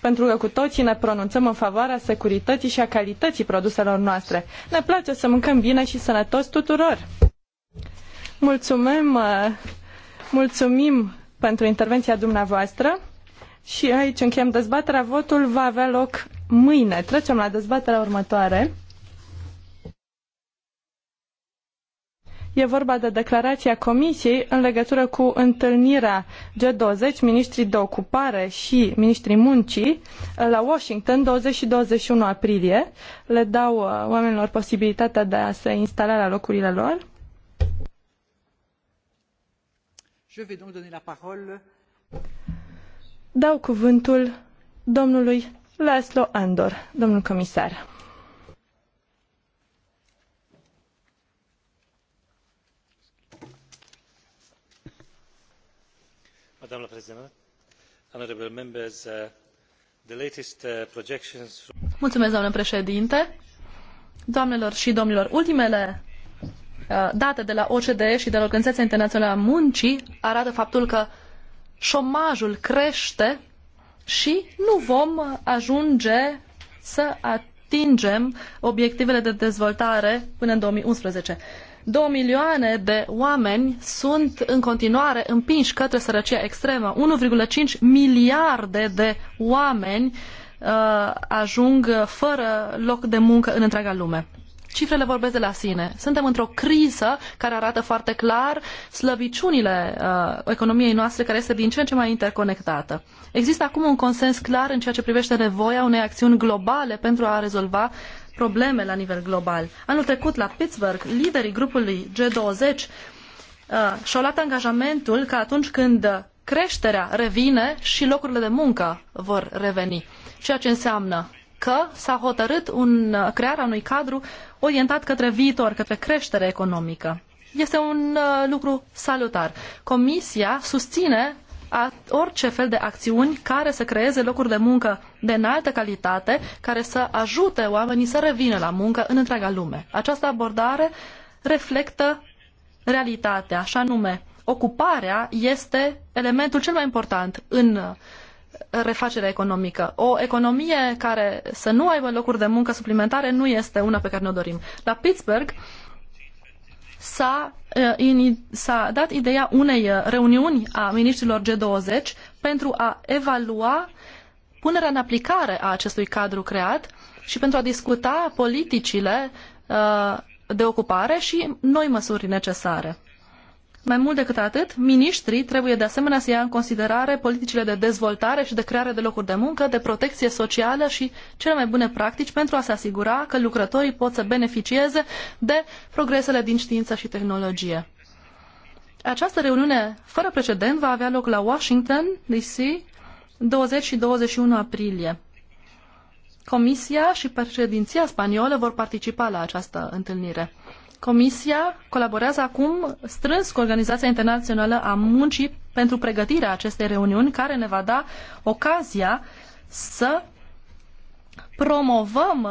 pentru că cu toții ne pronunțăm în favoarea securității și a calității produselor noastre. Ne place să mâncăm bine și sănătos tuturor. Mulțumim, uh, mulțumim pentru intervenția dumneavoastră și aici încheiem dezbaterea. Votul va avea loc mâine. Trecem la dezbaterea următoare. E vorba de declarația Comisiei în legătură cu întâlnirea G20, ministrii de ocupare și ministrii muncii la Washington 20 și 21 aprilie. Le dau uh, oamenilor posibilitatea de a se instala la locurile lor. Dau cuvântul domnului Laszlo Andor, domnul comisar. madam president honourable members uh, the latest uh, projections. doamnă președinte. Doamnelor și domnilor, ultimele uh, date de la OCDE și de la Organizația Internațională a Muncii arată faptul că șomajul crește și nu vom ajunge să atingem obiectivele de dezvoltare până în 2011. 2 milioane de oameni sunt în continuare împinși către sărăcia extremă. 1,5 miliarde de oameni uh, ajung fără loc de muncă în întreaga lume. Cifrele vorbesc de la sine. Suntem într-o criză care arată foarte clar slăbiciunile uh, economiei noastre, care este din ce în ce mai interconectată. Există acum un consens clar în ceea ce privește nevoia unei acțiuni globale pentru a rezolva probleme la nivel global. Anul trecut, la Pittsburgh, liderii grupului G20 uh, și-au luat angajamentul că atunci când creșterea revine și locurile de muncă vor reveni. Ceea ce înseamnă că s-a hotărât un, crearea unui cadru orientat către viitor, către creștere economică. Este un uh, lucru salutar. Comisia susține a, orice fel de acțiuni care să creeze locuri de muncă de înaltă calitate, care să ajute oamenii să revină la muncă în întreaga lume. Această abordare reflectă realitatea, așa nume. Ocuparea este elementul cel mai important în refacerea economică. O economie care să nu aibă locuri de muncă suplimentare nu este una pe care ne-o dorim. La Pittsburgh, s-a, uh, s-a dat ideea unei uh, reuniuni a ministrilor G20 pentru a evalua punerea în aplicare a acestui cadru creat și pentru a discuta politicile uh, de ocupare și noi măsuri necesare. Mai mult decât atât, miniștrii trebuie de asemenea să ia în considerare politicile de dezvoltare și de creare de locuri de muncă, de protecție socială și cele mai bune practici pentru a se asigura că lucrătorii pot să beneficieze de progresele din știință și tehnologie. Această reuniune fără precedent va avea loc la Washington, D.C., 20 și 21 aprilie. Comisia și președinția spaniolă vor participa la această întâlnire. Comisia colaborează acum strâns cu Organizația Internațională a Muncii pentru pregătirea acestei reuniuni, care ne va da ocazia să promovăm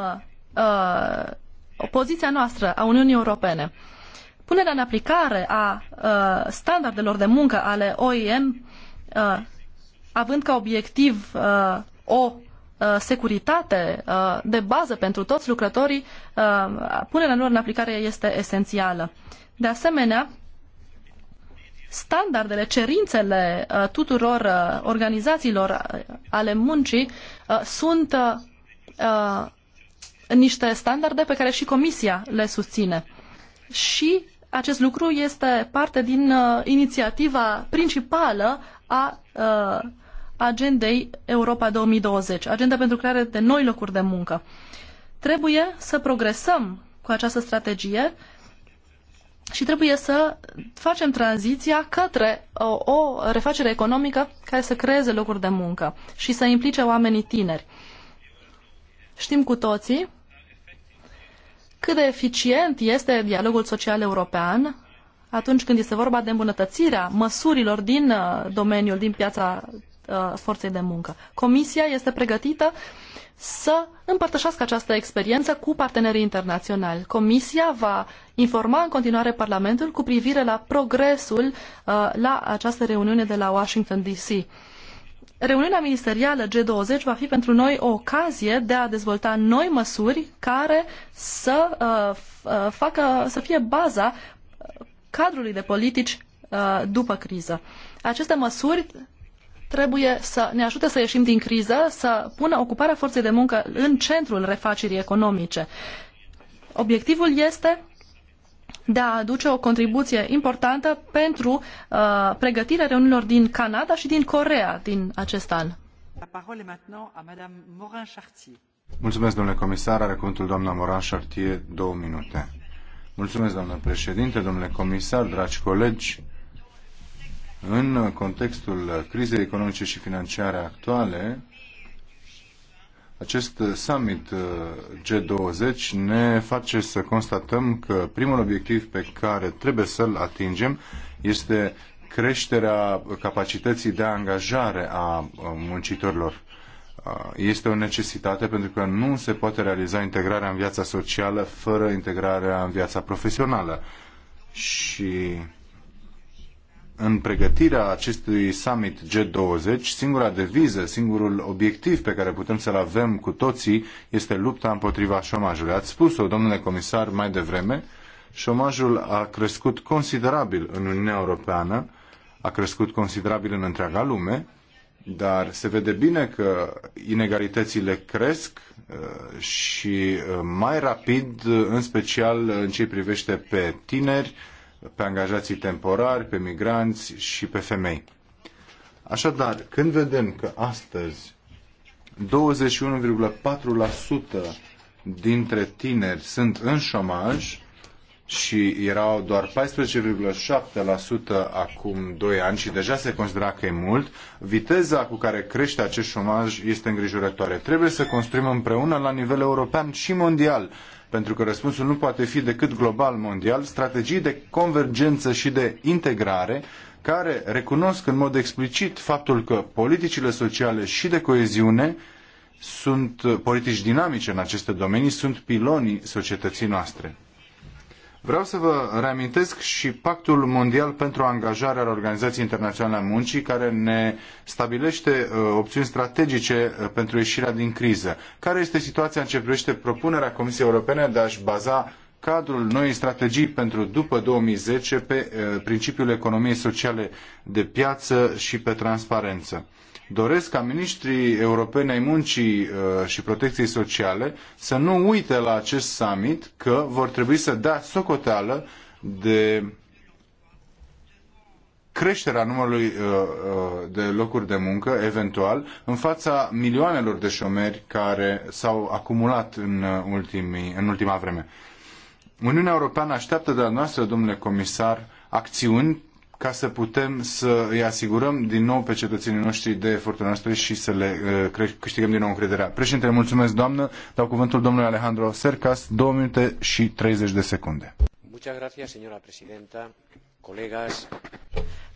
uh, poziția noastră a Uniunii Europene. Punerea în aplicare a uh, standardelor de muncă ale OIM, uh, având ca obiectiv uh, o Uh, securitate uh, de bază pentru toți lucrătorii, uh, punerea lor în aplicare este esențială. De asemenea, standardele, cerințele tuturor organizațiilor ale muncii sunt niște standarde pe care și Comisia le susține. Și acest lucru este parte din inițiativa principală a agendei Europa 2020, agenda pentru crearea de noi locuri de muncă. Trebuie să progresăm cu această strategie și trebuie să facem tranziția către o, o refacere economică care să creeze locuri de muncă și să implice oamenii tineri. Știm cu toții cât de eficient este dialogul social european atunci când este vorba de îmbunătățirea măsurilor din uh, domeniul, din piața uh, forței de muncă. Comisia este pregătită să împărtășească această experiență cu partenerii internaționali. Comisia va informa în continuare Parlamentul cu privire la progresul uh, la această reuniune de la Washington DC. Reuniunea ministerială G20 va fi pentru noi o ocazie de a dezvolta noi măsuri care să uh, uh facă să fie baza cadrului de politici uh, după criză. Aceste măsuri trebuie să ne ajute să ieșim din criză, să pună ocuparea forței de muncă în centrul refacerii economice. Obiectivul este de a aduce o contribuție importantă pentru uh, pregătirea reuniunilor din Canada și din Corea din acest an. Mulțumesc, domnule comisar. Are cuvântul doamna Moran Chartier, două minute. Mulțumesc, doamnă președinte, domnule comisar, dragi colegi. În contextul crizei economice și financiare actuale, acest summit uh, G20 ne face să constatăm că primul obiectiv pe care trebuie să-l atingem este creșterea capacității de angajare a uh, muncitorilor. Uh, este o necesitate pentru că nu se poate realiza integrarea în viața socială fără integrarea în viața profesională. Și în pregătirea acestui summit G20, singura deviză, singurul obiectiv pe care putem să-l avem cu toții este lupta împotriva șomajului. Ați spus-o, domnule comisar, mai devreme, șomajul a crescut considerabil în Uniunea Europeană, a crescut considerabil în întreaga lume, dar se vede bine că inegalitățile cresc uh, și uh, mai rapid, în special în ce privește pe tineri, pe angajații temporari, pe migranți și pe femei. Așadar, când vedem că astăzi 21,4% dintre tineri sunt în șomaj și erau doar 14,7% acum 2 ani și deja se considera că e mult, viteza cu care crește acest șomaj este îngrijorătoare. Trebuie să construim împreună la nivel european și mondial pentru că răspunsul nu poate fi decât global mondial, strategii de convergență și de integrare care recunosc în mod explicit faptul că politicile sociale și de coeziune sunt politici dinamice în aceste domenii, sunt pilonii societății noastre. Vreau să vă reamintesc și Pactul Mondial pentru Angajarea Organizației Internaționale a Muncii, care ne stabilește uh, opțiuni strategice uh, pentru ieșirea din criză. Care este situația în ce privește propunerea Comisiei Europene de a-și baza cadrul noii strategii pentru după 2010 pe uh, principiul economiei sociale de piață și pe transparență? doresc ca ministrii europeni ai muncii uh, și protecției sociale să nu uite la acest summit că vor trebui să dea socoteală de creșterea numărului uh, uh, de locuri de muncă, eventual, în fața milioanelor de șomeri care s-au acumulat în, ultimii, în ultima vreme. Uniunea Europeană așteaptă de la noastră, domnule comisar, acțiuni ca să putem să îi asigurăm din nou pe cetățenii noștri de efortul noastre și să le uh, câștigăm din nou încrederea. Președintele, mulțumesc, doamnă. Dau cuvântul domnului Alejandro Sercas, 2 minute și 30 de secunde.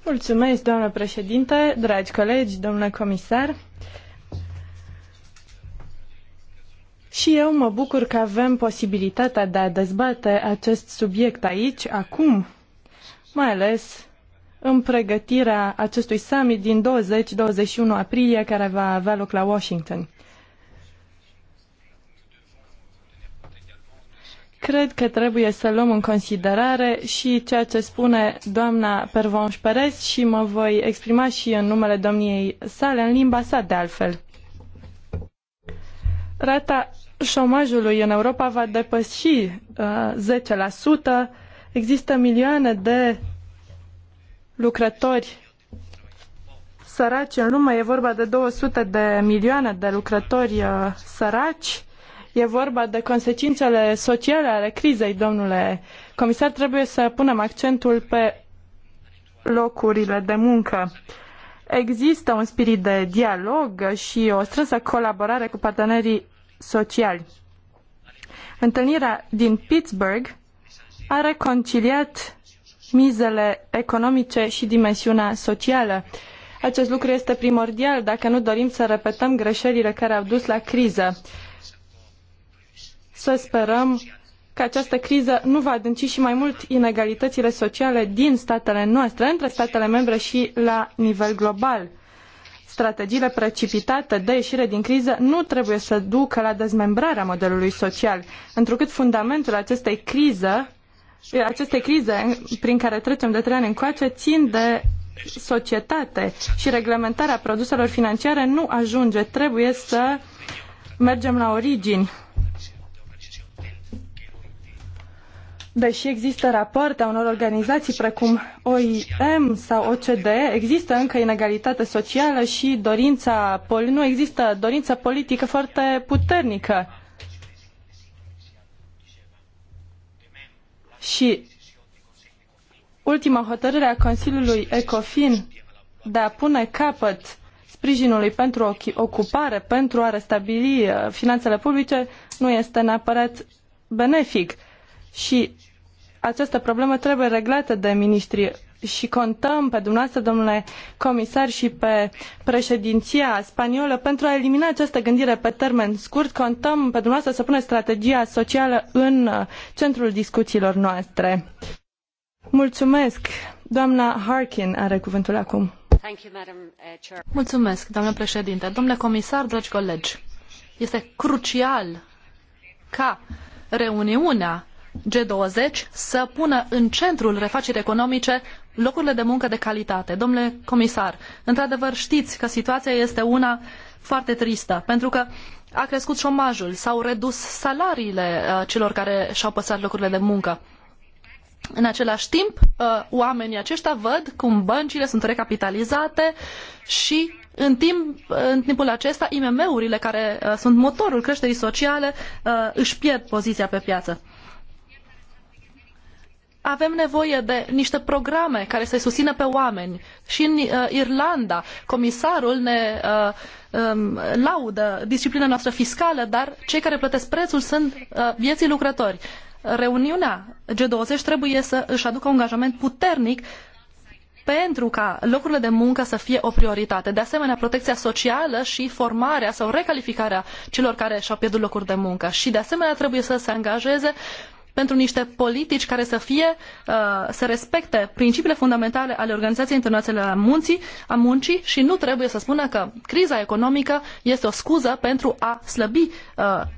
Mulțumesc, doamnă președinte, dragi colegi, domnule comisar. Și eu mă bucur că avem posibilitatea de a dezbate acest subiect aici, acum, mai ales în pregătirea acestui summit din 20-21 aprilie care va avea loc la Washington. Cred că trebuie să luăm în considerare și ceea ce spune doamna Pervonș Perez și mă voi exprima și în numele domniei sale în limba sa de altfel. Rata șomajului în Europa va depăși uh, 10%. Există milioane de lucrători săraci în lume, e vorba de 200 de milioane de lucrători uh, săraci, e vorba de consecințele sociale ale crizei, domnule comisar, trebuie să punem accentul pe locurile de muncă. Există un spirit de dialog și o strânsă colaborare cu partenerii sociali. Întâlnirea din Pittsburgh a reconciliat mizele economice și dimensiunea socială. Acest lucru este primordial dacă nu dorim să repetăm greșelile care au dus la criză. Să sperăm că această criză nu va adânci și mai mult inegalitățile sociale din statele noastre, între statele membre și la nivel global. Strategiile precipitate de ieșire din criză nu trebuie să ducă la dezmembrarea modelului social, întrucât fundamentul acestei crize aceste crize prin care trecem de trei ani încoace țin de societate și reglementarea produselor financiare nu ajunge. Trebuie să mergem la origini. Deși există rapoarte a unor organizații precum OIM sau OCDE, există încă inegalitate socială și dorința, nu există dorință politică foarte puternică. Și ultima hotărâre a Consiliului ECOFIN de a pune capăt sprijinului pentru ocupare, pentru a restabili uh, finanțele publice, nu este neapărat benefic. Și această problemă trebuie reglată de ministrii și contăm pe dumneavoastră, domnule comisar, și pe președinția spaniolă pentru a elimina această gândire pe termen scurt. Contăm pe dumneavoastră să puneți strategia socială în uh, centrul discuțiilor noastre. Mulțumesc. Doamna Harkin are cuvântul acum. Uh, Mulțumesc, doamnă președinte. Domnule comisar, dragi colegi, este crucial ca reuniunea G20 să pună în centrul refacerii economice locurile de muncă de calitate. Domnule comisar, într-adevăr știți că situația este una foarte tristă, pentru că a crescut șomajul, s-au redus salariile uh, celor care și-au păstrat locurile de muncă. În același timp, uh, oamenii aceștia văd cum băncile sunt recapitalizate și în, timp, uh, în timpul acesta IMM-urile, care sunt motorul creșterii sociale, își pierd poziția pe piață avem nevoie de niște programe care să-i susțină pe oameni. Și în uh, Irlanda, comisarul ne uh, um, laudă disciplina noastră fiscală, dar cei care plătesc prețul sunt uh, vieții lucrători. Reuniunea G20 trebuie să își aducă un angajament puternic pentru ca locurile de muncă să fie o prioritate. De asemenea, protecția socială și formarea sau recalificarea celor care și-au pierdut locuri de muncă. Și de asemenea trebuie să se angajeze pentru niște politici care să fie, uh, să respecte principiile fundamentale ale Organizației Internaționale a Munții, a Muncii și nu trebuie să spună că criza economică este o scuză pentru a slăbi uh,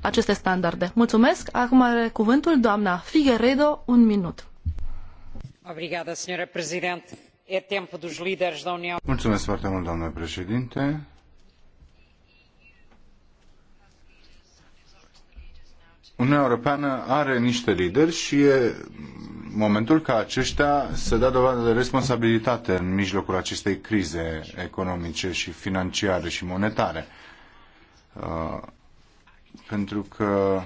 aceste standarde. Mulțumesc. Acum are cuvântul doamna Figueredo, un minut. Obrigada, da Mulțumesc foarte mult, doamnă președinte. Uniunea Europeană are niște lideri și e momentul ca aceștia să dea dovadă de responsabilitate în mijlocul acestei crize economice și financiare și monetare. Uh, pentru că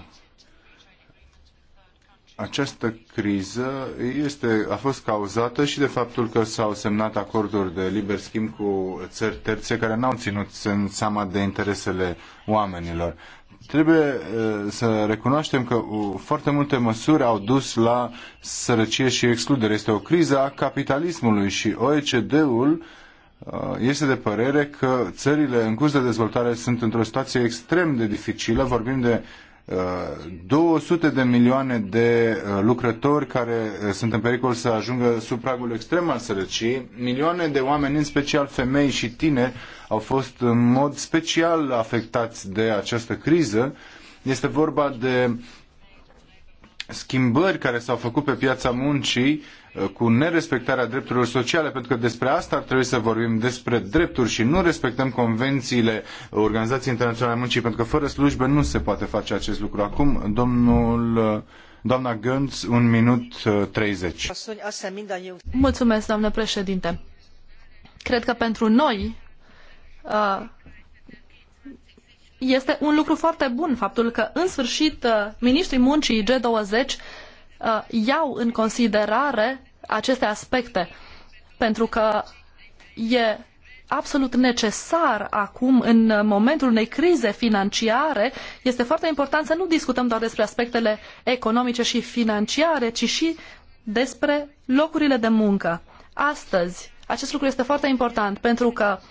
această criză este, a fost cauzată și de faptul că s-au semnat acorduri de liber schimb cu țări terțe care n-au ținut în seama de interesele oamenilor. Trebuie să recunoaștem că foarte multe măsuri au dus la sărăcie și excludere. Este o criză a capitalismului și OECD-ul este de părere că țările în curs de dezvoltare sunt într-o situație extrem de dificilă. Vorbim de 200 de milioane de uh, lucrători care uh, sunt în pericol să ajungă sub pragul extrem al sărăciei, milioane de oameni, în special femei și tineri, au fost în mod special afectați de această criză. Este vorba de schimbări care s-au făcut pe piața muncii Uh, cu nerespectarea drepturilor sociale, pentru că despre asta ar trebui să vorbim, despre drepturi și nu respectăm convențiile Organizației Internaționale a Muncii, pentru că fără slujbe nu se poate face acest lucru. Acum, domnul uh, Doamna Gönz, un minut 30. Uh, Mulțumesc, doamnă președinte. Cred că pentru noi este un lucru foarte bun faptul că, în sfârșit, ministrii muncii G20 Uh, iau în considerare aceste aspecte, pentru că e absolut necesar acum, în momentul unei crize financiare, este foarte important să nu discutăm doar despre aspectele economice și financiare, ci și despre locurile de muncă. Astăzi, acest lucru este foarte important pentru că uh,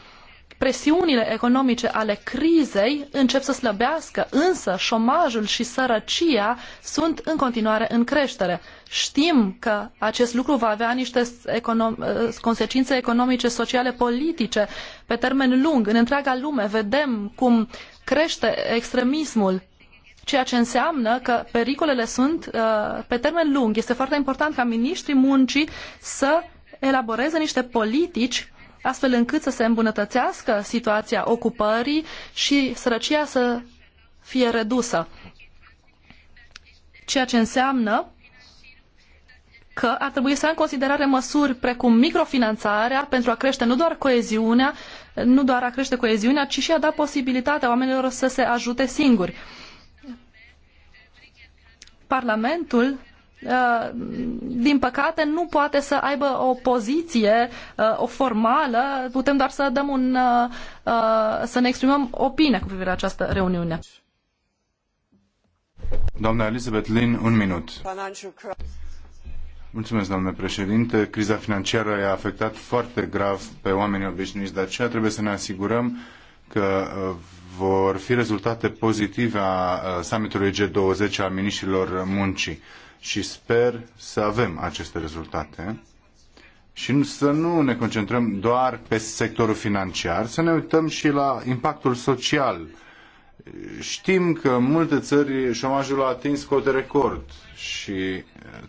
presiunile economice ale crizei încep să slăbească, însă șomajul și sărăcia sunt în continuare în creștere. Știm că acest lucru va avea niște econom- eh, consecințe economice, sociale, politice pe termen lung. În întreaga lume vedem cum crește extremismul, ceea ce înseamnă că pericolele sunt eh, pe termen lung. Este foarte important ca ministrii muncii să elaboreze niște politici astfel încât să se îmbunătățească situația ocupării și sărăcia să fie redusă. Ceea ce înseamnă că ar trebui să ia în considerare măsuri precum microfinanțarea pentru a crește nu doar coeziunea, nu doar a crește coeziunea, ci și a da posibilitatea oamenilor să se ajute singuri. Parlamentul Uh, din păcate, nu poate să aibă o poziție uh, o formală. Putem doar să dăm un. Uh, să ne exprimăm opinia cu privire la această reuniune. Doamna Elizabeth Lin, un minut. Mulțumesc, doamne președinte. Criza financiară i-a afectat foarte grav pe oamenii obișnuiți, de aceea trebuie să ne asigurăm că vor fi rezultate pozitive a summitului G20 al miniștrilor muncii și sper să avem aceste rezultate și să nu ne concentrăm doar pe sectorul financiar, să ne uităm și la impactul social. Știm că în multe țări șomajul a atins cote record și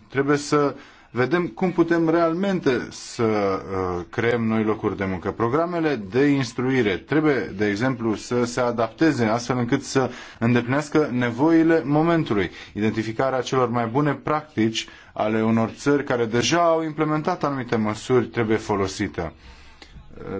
trebuie să vedem cum putem realmente să uh, creăm noi locuri de muncă. Programele de instruire trebuie, de exemplu, să se adapteze astfel încât să îndeplinească nevoile momentului. Identificarea celor mai bune practici ale unor țări care deja au implementat anumite măsuri trebuie folosită.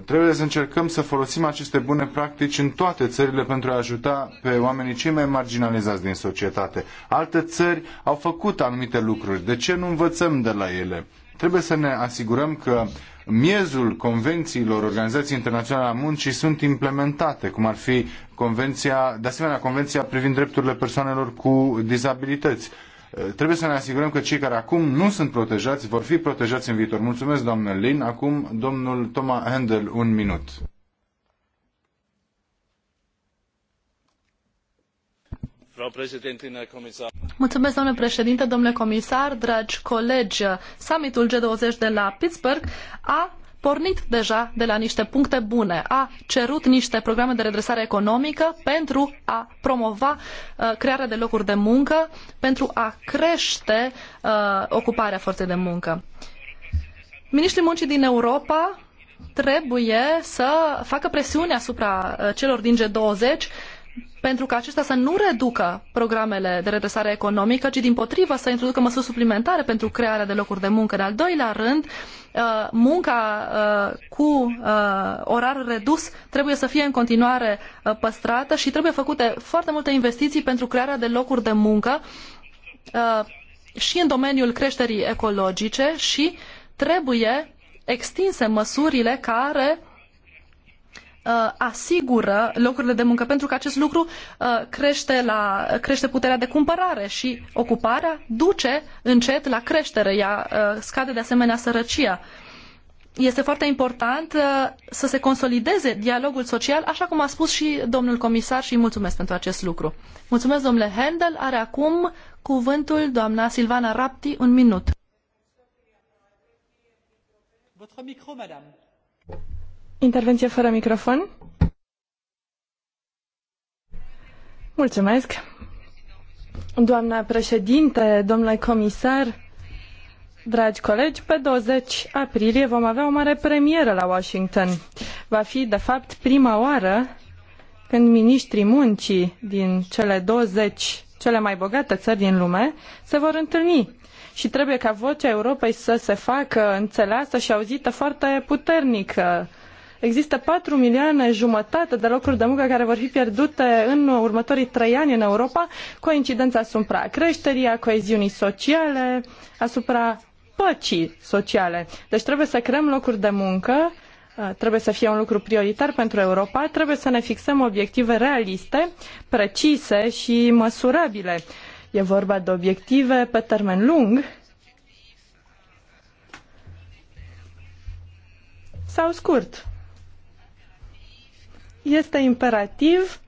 Trebuie să încercăm să folosim aceste bune practici în toate țările pentru a ajuta pe oamenii cei mai marginalizați din societate. Alte țări au făcut anumite lucruri. De ce nu învățăm de la ele? Trebuie să ne asigurăm că miezul convențiilor Organizației Internaționale a Muncii sunt implementate, cum ar fi convenția, de asemenea convenția privind drepturile persoanelor cu dizabilități Trebuie să ne asigurăm că cei care acum nu sunt protejați vor fi protejați în viitor. Mulțumesc, doamnă Lin. Acum, domnul Toma Handel, un minut. Mulțumesc, domnule președinte, domnule comisar, dragi colegi. Summitul G20 de la Pittsburgh a pornit deja de la niște puncte bune, a cerut niște programe de redresare economică pentru a promova uh, crearea de locuri de muncă, pentru a crește uh, ocuparea forței de muncă. Ministrii muncii din Europa trebuie să facă presiune asupra uh, celor din G20 pentru ca acestea să nu reducă programele de redresare economică, ci din potrivă să introducă măsuri suplimentare pentru crearea de locuri de muncă. În al doilea rând, uh, munca uh, cu uh, orar redus trebuie să fie în continuare păstrată și trebuie făcute foarte multe investiții pentru crearea de locuri de muncă și în domeniul creșterii ecologice și trebuie extinse măsurile care Uh, asigură locurile de muncă, pentru că acest lucru uh, crește, la, crește puterea de cumpărare și ocuparea duce încet la creștere, ea uh, scade de asemenea sărăcia. Este foarte important să se consolideze dialogul social, așa cum a spus și domnul comisar și îi mulțumesc pentru acest lucru. Mulțumesc, domnule Handel. Are acum cuvântul doamna Silvana Rapti, un minut. Votre micro, madame. Intervenție fără microfon. Mulțumesc. Doamna președinte, domnule comisar, Dragi colegi, pe 20 aprilie vom avea o mare premieră la Washington. Va fi, de fapt, prima oară când miniștrii muncii din cele 20 cele mai bogate țări din lume se vor întâlni. Și trebuie ca vocea Europei să se facă înțeleasă și auzită foarte puternic Există 4 milioane jumătate de locuri de muncă care vor fi pierdute în următorii 3 ani în Europa, coincidența asupra creșterii, a coeziunii sociale, asupra păcii sociale. Deci trebuie să creăm locuri de muncă, uh, trebuie să fie un lucru prioritar pentru Europa, trebuie să ne fixăm obiective realiste, precise și măsurabile. E vorba de obiective pe termen lung sau scurt este imperativ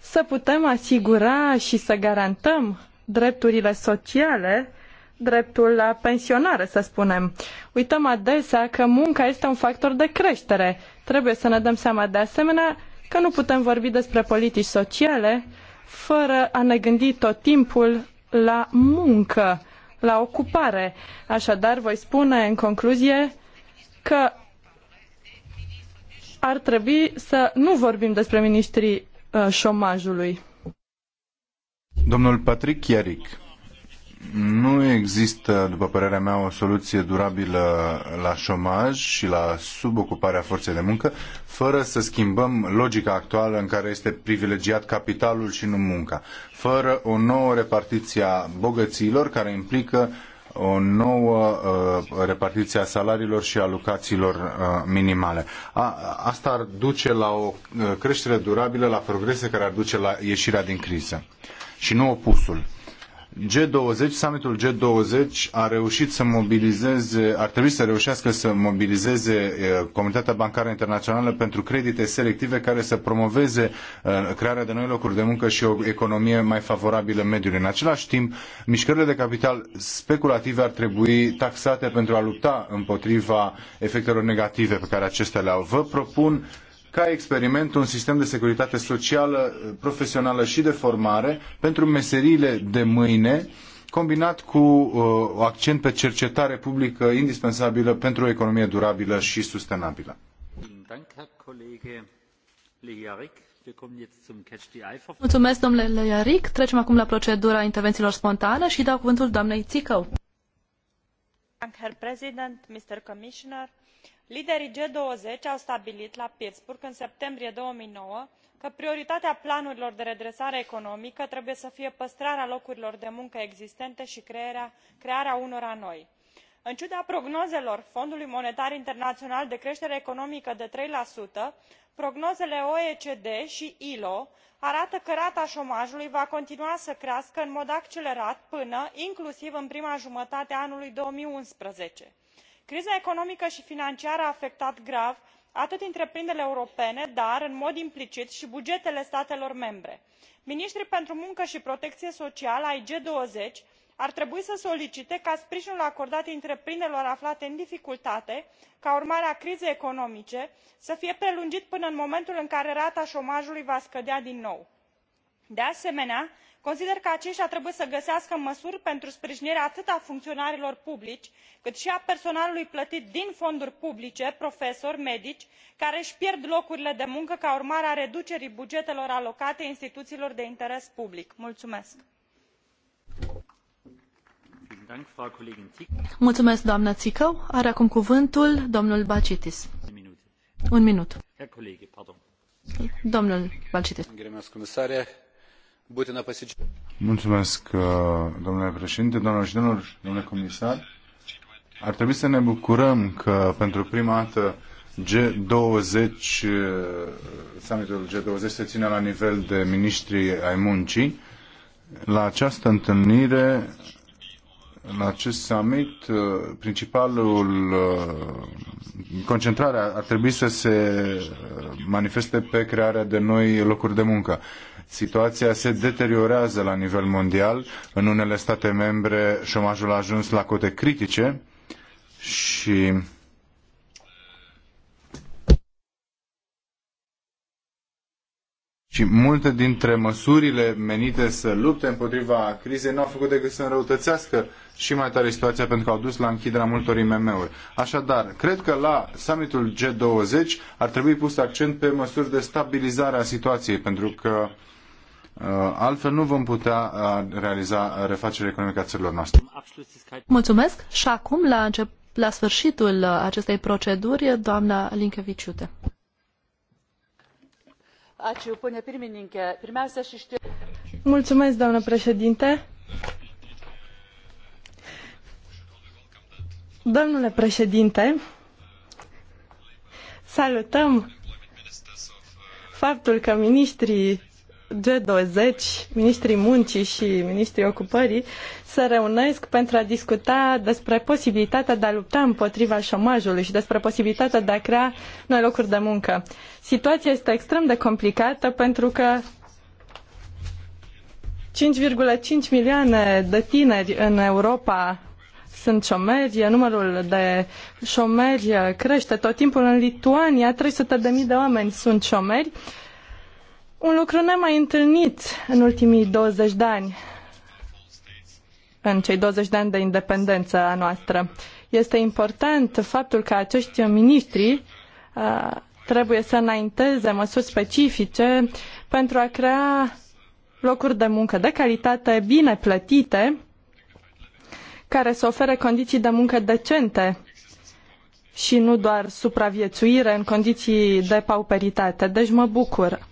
să putem asigura și să garantăm drepturile sociale, dreptul la pensionare, să spunem. Uităm adesea că munca este un factor de creștere. Trebuie să ne dăm seama de asemenea că nu putem vorbi despre politici sociale fără a ne gândi tot timpul la muncă, la ocupare. Așadar, voi spune în concluzie că ar trebui să nu vorbim despre ministrii uh, șomajului. Domnul Patrick Chiaric, nu există, după părerea mea, o soluție durabilă la șomaj și la subocuparea forței de muncă fără să schimbăm logica actuală în care este privilegiat capitalul și nu munca, fără o nouă repartiție a bogăților care implică o nouă uh, repartiție a salariilor și uh, a locațiilor minimale. Asta ar duce la o uh, creștere durabilă, la progrese care ar duce la ieșirea din criză și nu opusul. G20, summitul G20 a reușit să mobilizeze, ar trebui să reușească să mobilizeze Comunitatea Bancară Internațională pentru credite selective care să promoveze crearea de noi locuri de muncă și o economie mai favorabilă mediului. În același timp, mișcările de capital speculative ar trebui taxate pentru a lupta împotriva efectelor negative pe care acestea le au. Vă propun ca experiment un sistem de securitate socială, profesională și de formare pentru meseriile de mâine, combinat cu uh, accent pe cercetare publică indispensabilă pentru o economie durabilă și sustenabilă. Mulțumesc, domnule Leiaric. Trecem acum la procedura intervențiilor spontane și dau cuvântul doamnei Țicău. Herr President, Mr. Commissioner, liderii g douăzeci au stabilit la pittsburgh în septembrie două mii nouă că prioritatea planurilor de redresare economică trebuie să fie păstrarea locurilor de muncă existente i crearea unora noi. în ciuda prognozelor fondului monetar internaional de cretere economică de trei prognozele oecd i ilo arată că rata omajului va continua să crească în mod accelerat până inclusiv în prima jumătate a anului două mii unsprezece criza economică i financiară a afectat grav atât întreprinderile europene dar în mod implicit i bugetele statelor membre. minitrii pentru muncă i protecie socială ai g douăzeci ar trebui să solicite ca sprijinul acordat întreprinderilor aflate în dificultate ca urmare a crizei economice să fie prelungit până în momentul în care rata omajului va scădea din nou. de asemenea consider că acetia trebuie să găsească măsuri pentru sprijinirea atât a funcionarilor publici cât i a personalului plătit din fonduri publice profesori medici care îi pierd locurile de muncă ca urmare a reducerii bugetelor alocate instituiilor de interes public. Mulțumesc. Mulțumesc, Are acum cuvântul domnul Un minut. Domnul būtina pasidžiaugti. Uh, domnule președinte, domnule comisar. Ar trebui să ne bucurăm că pentru prima dată G20, uh, summitul G20 se ține la nivel de ministri ai muncii. La această întâlnire, la acest summit, uh, principalul concentrarea ar trebui să se manifeste pe crearea de noi locuri de muncă situația se deteriorează la nivel mondial. În unele state membre șomajul a ajuns la cote critice și Și multe dintre măsurile menite să lupte împotriva crizei nu au făcut decât să înrăutățească și mai tare situația pentru că au dus la închiderea multor IMM-uri. Așadar, cred că la summitul G20 ar trebui pus accent pe măsuri de stabilizare a situației, pentru că uh, Uh, altfel nu vom putea uh, realiza refacerea economică a țărilor noastre. Mulțumesc și acum, la, încep, la sfârșitul uh, acestei proceduri, doamna Linkeviciute. Mulțumesc, doamnă președinte. Domnule președinte, salutăm faptul că ministrii G20, ministrii muncii și ministrii ocupării se reunesc pentru a discuta despre posibilitatea de a lupta împotriva șomajului și despre posibilitatea de a crea noi locuri de muncă. Situația este extrem de complicată pentru că 5,5 milioane de tineri în Europa sunt șomeri, numărul de șomeri crește tot timpul. În Lituania 300.000 de oameni sunt șomeri un lucru nemai întâlnit în ultimii 20 de ani, în cei 20 de ani de independență a noastră. Este important faptul că acești miniștri trebuie să înainteze măsuri specifice pentru a crea locuri de muncă de calitate, bine plătite, care să ofere condiții de muncă decente și nu doar supraviețuire în condiții de pauperitate. Deci mă bucur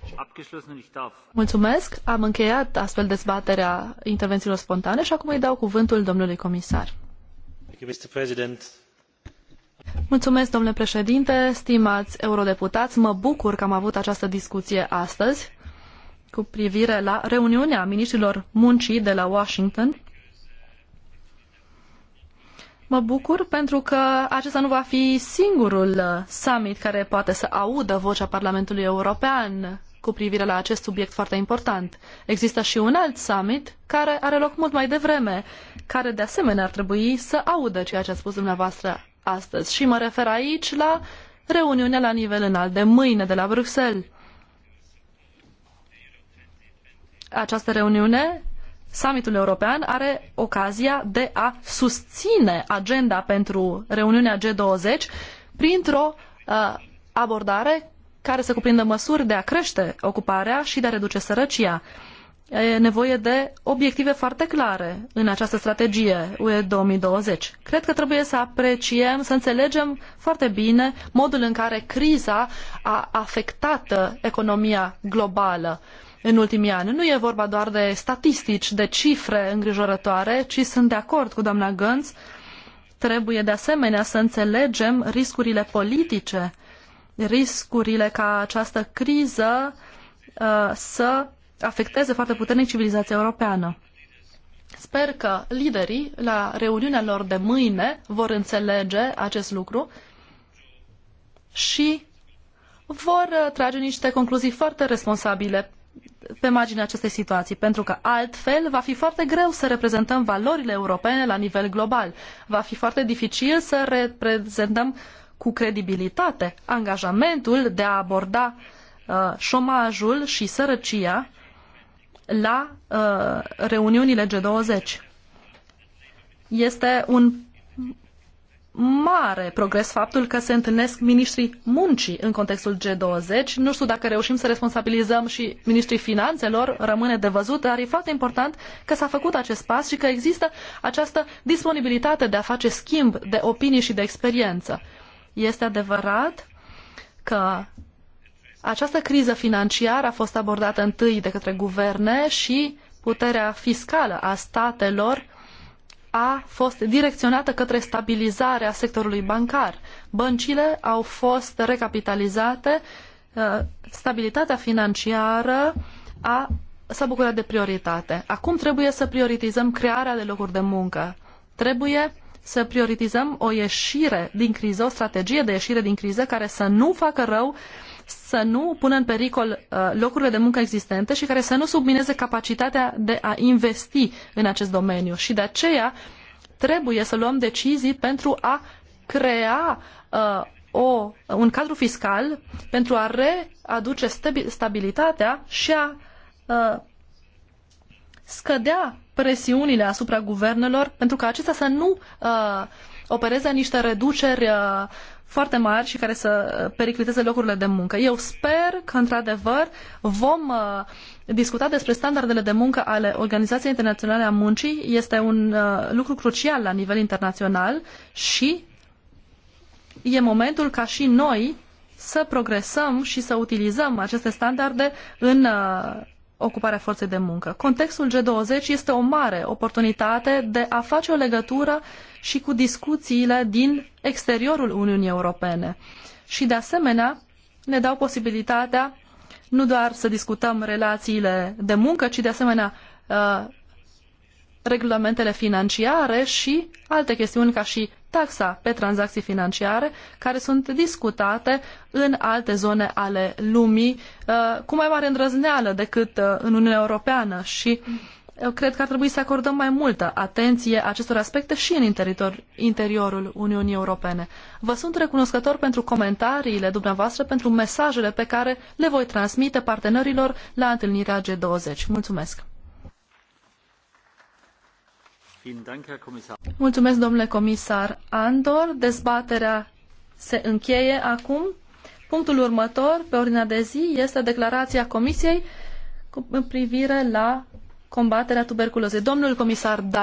Mulțumesc. Am încheiat astfel dezbaterea intervențiilor spontane și acum îi dau cuvântul domnului comisar. Mulțumesc, domnule președinte, stimați eurodeputați. Mă bucur că am avut această discuție astăzi cu privire la reuniunea ministrilor muncii de la Washington. Mă bucur pentru că acesta nu va fi singurul summit care poate să audă vocea Parlamentului European cu privire la acest subiect foarte important. Există și un alt summit care are loc mult mai devreme, care de asemenea ar trebui să audă ceea ce a spus dumneavoastră astăzi. Și mă refer aici la reuniunea la nivel înalt de mâine de la Bruxelles. Această reuniune summitul european are ocazia de a susține agenda pentru reuniunea G20 printr-o uh, abordare care să cuprindă măsuri de a crește ocuparea și de a reduce sărăcia. E nevoie de obiective foarte clare în această strategie UE 2020. Cred că trebuie să apreciem, să înțelegem foarte bine modul în care criza a afectat economia globală în ultimii ani. Nu e vorba doar de statistici, de cifre îngrijorătoare, ci sunt de acord cu doamna Gânz. Trebuie de asemenea să înțelegem riscurile politice riscurile ca această criză uh, să afecteze foarte puternic civilizația europeană. Sper că liderii, la reuniunea lor de mâine, vor înțelege acest lucru și vor uh, trage niște concluzii foarte responsabile pe marginea acestei situații, pentru că altfel va fi foarte greu să reprezentăm valorile europene la nivel global. Va fi foarte dificil să reprezentăm cu credibilitate angajamentul de a aborda uh, șomajul și sărăcia la uh, reuniunile G20. Este un mare progres faptul că se întâlnesc ministrii muncii în contextul G20. Nu știu dacă reușim să responsabilizăm și ministrii finanțelor, rămâne de văzut, dar e foarte important că s-a făcut acest pas și că există această disponibilitate de a face schimb de opinii și de experiență. Este adevărat că această criză financiară a fost abordată întâi de către guverne și puterea fiscală a statelor a fost direcționată către stabilizarea sectorului bancar. Băncile au fost recapitalizate, uh, stabilitatea financiară a, s-a bucurat de prioritate. Acum trebuie să prioritizăm crearea de locuri de muncă. Trebuie să prioritizăm o ieșire din criză, o strategie de ieșire din criză care să nu facă rău, să nu pună în pericol uh, locurile de muncă existente și care să nu submineze capacitatea de a investi în acest domeniu. Și de aceea trebuie să luăm decizii pentru a crea uh, o, un cadru fiscal pentru a readuce stabilitatea și a uh, scădea presiunile asupra guvernelor pentru ca acestea să nu uh, opereze niște reduceri uh, foarte mari și care să pericliteze locurile de muncă. Eu sper că, într-adevăr, vom uh, discuta despre standardele de muncă ale Organizației Internaționale a Muncii. Este un uh, lucru crucial la nivel internațional și e momentul ca și noi să progresăm și să utilizăm aceste standarde în uh, ocuparea forței de muncă. Contextul G20 este o mare oportunitate de a face o legătură și cu discuțiile din exteriorul Uniunii Europene. Și de asemenea ne dau posibilitatea nu doar să discutăm relațiile de muncă, ci de asemenea uh, regulamentele financiare și alte chestiuni ca și taxa pe tranzacții financiare, care sunt discutate în alte zone ale lumii uh, cu mai mare îndrăzneală decât uh, în Uniunea Europeană și eu uh, cred că ar trebui să acordăm mai multă atenție acestor aspecte și în interior, interiorul Uniunii Europene. Vă sunt recunoscător pentru comentariile dumneavoastră, pentru mesajele pe care le voi transmite partenerilor la întâlnirea G20. Mulțumesc! Mulțumesc, domnule comisar Andor. Dezbaterea se încheie acum. Punctul următor pe ordinea de zi este declarația Comisiei cu privire la combaterea tuberculozei. Domnul comisar Dali.